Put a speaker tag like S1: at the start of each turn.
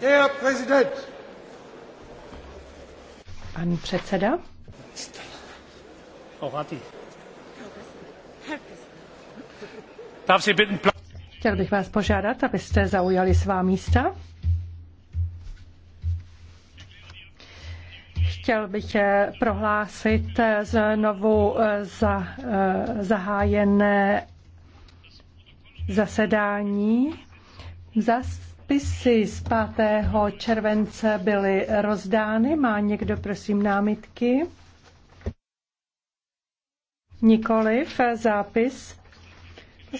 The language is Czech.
S1: Herr Präsident! Pan předseda.
S2: Chtěl bych vás požádat, abyste zaujali svá místa. chtěl bych prohlásit znovu eh, za eh, zahájené zasedání. Zas dopisy z 5. července byly rozdány. Má někdo, prosím, námitky? Nikoliv zápis